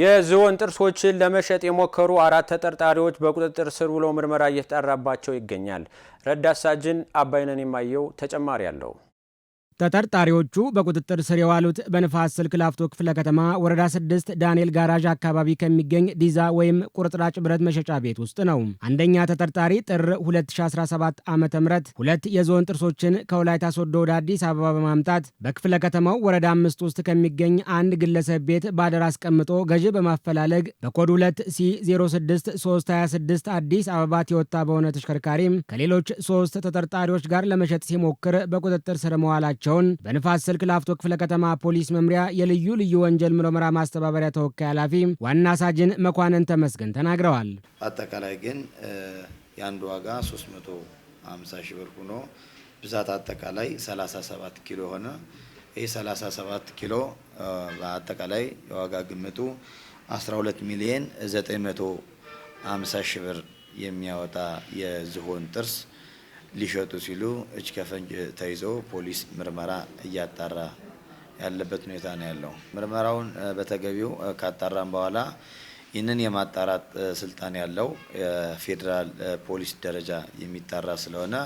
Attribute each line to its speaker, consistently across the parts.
Speaker 1: የዝሆን ጥርሶችን ለመሸጥ የሞከሩ አራት ተጠርጣሪዎች በቁጥጥር ስር ውለው ምርመራ እየተጣራባቸው ይገኛል። ረዳት ሳጅን አባይነን የማየው ተጨማሪ አለው።
Speaker 2: ተጠርጣሪዎቹ በቁጥጥር ስር የዋሉት በንፋስ ስልክ ላፍቶ ክፍለ ከተማ ወረዳ ስድስት ዳንኤል ጋራዥ አካባቢ ከሚገኝ ዲዛ ወይም ቁርጥራጭ ብረት መሸጫ ቤት ውስጥ ነው። አንደኛ ተጠርጣሪ ጥር 2017 ዓ ም ሁለት የዞን ጥርሶችን ከወላይታ ሶዶ ወደ አዲስ አበባ በማምጣት በክፍለ ከተማው ወረዳ አምስት ውስጥ ከሚገኝ አንድ ግለሰብ ቤት ባደር አስቀምጦ ገዢ በማፈላለግ በኮድ 2 ሲ 326 አዲስ አበባ ቲዮታ በሆነ ተሽከርካሪም፣ ከሌሎች ሶስት ተጠርጣሪዎች ጋር ለመሸጥ ሲሞክር በቁጥጥር ስር መዋላቸው መሆናቸውን በንፋስ ስልክ ላፍቶ ክፍለ ከተማ ፖሊስ መምሪያ የልዩ ልዩ ወንጀል ምርመራ ማስተባበሪያ ተወካይ ኃላፊ ዋና ሳጅን መኳንን ተመስገን ተናግረዋል።
Speaker 3: አጠቃላይ ግን የአንድ ዋጋ 350 ሺ ብር ሆኖ ብዛት አጠቃላይ 37 ኪሎ የሆነ ይህ 37 ኪሎ በአጠቃላይ የዋጋ ግምቱ 12 ሚሊየን 950 ሺ ብር የሚያወጣ የዝሆን ጥርስ ሊሸጡ ሲሉ እጅ ከፈንጅ ተይዘው ፖሊስ ምርመራ እያጣራ ያለበት ሁኔታ ነው ያለው። ምርመራውን በተገቢው ካጣራም በኋላ ይህንን የማጣራት ስልጣን ያለው የፌዴራል ፖሊስ ደረጃ የሚጣራ ስለሆነ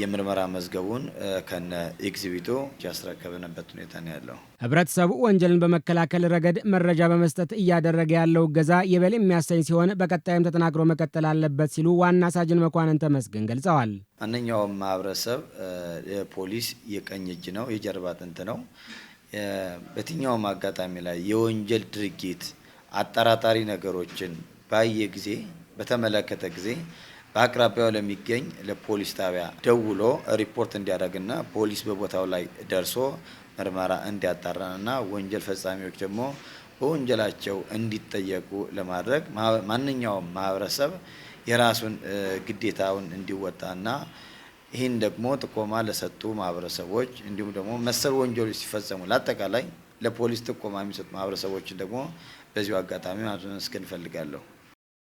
Speaker 3: የምርመራ መዝገቡን ከነ ኤግዚቢቱ ያስረከብንበት ሁኔታ ነው ያለው።
Speaker 2: ህብረተሰቡ ወንጀልን በመከላከል ረገድ መረጃ በመስጠት እያደረገ ያለው እገዛ የበል የሚያሰኝ ሲሆን በቀጣይም ተጠናክሮ መቀጠል አለበት ሲሉ ዋና ሳጅን መኳንን ተመስገን ገልጸዋል።
Speaker 3: ማንኛውም ማህበረሰብ ፖሊስ የቀኝ እጅ ነው፣ የጀርባ አጥንት ነው። በየትኛውም አጋጣሚ ላይ የወንጀል ድርጊት አጠራጣሪ ነገሮችን ባየ ጊዜ በተመለከተ ጊዜ በአቅራቢያው ለሚገኝ ለፖሊስ ጣቢያ ደውሎ ሪፖርት እንዲያደርግና ፖሊስ በቦታው ላይ ደርሶ ምርመራ እንዲያጣራና ወንጀል ፈጻሚዎች ደግሞ በወንጀላቸው እንዲጠየቁ ለማድረግ ማንኛውም ማህበረሰብ የራሱን ግዴታውን እንዲወጣና ይህን ደግሞ ጥቆማ ለሰጡ ማህበረሰቦች እንዲሁም ደግሞ መሰል ወንጀሎች ሲፈጸሙ ለአጠቃላይ ለፖሊስ ጥቆማ የሚሰጡ ማህበረሰቦችን ደግሞ በዚሁ አጋጣሚ ማመስገን እንፈልጋለሁ።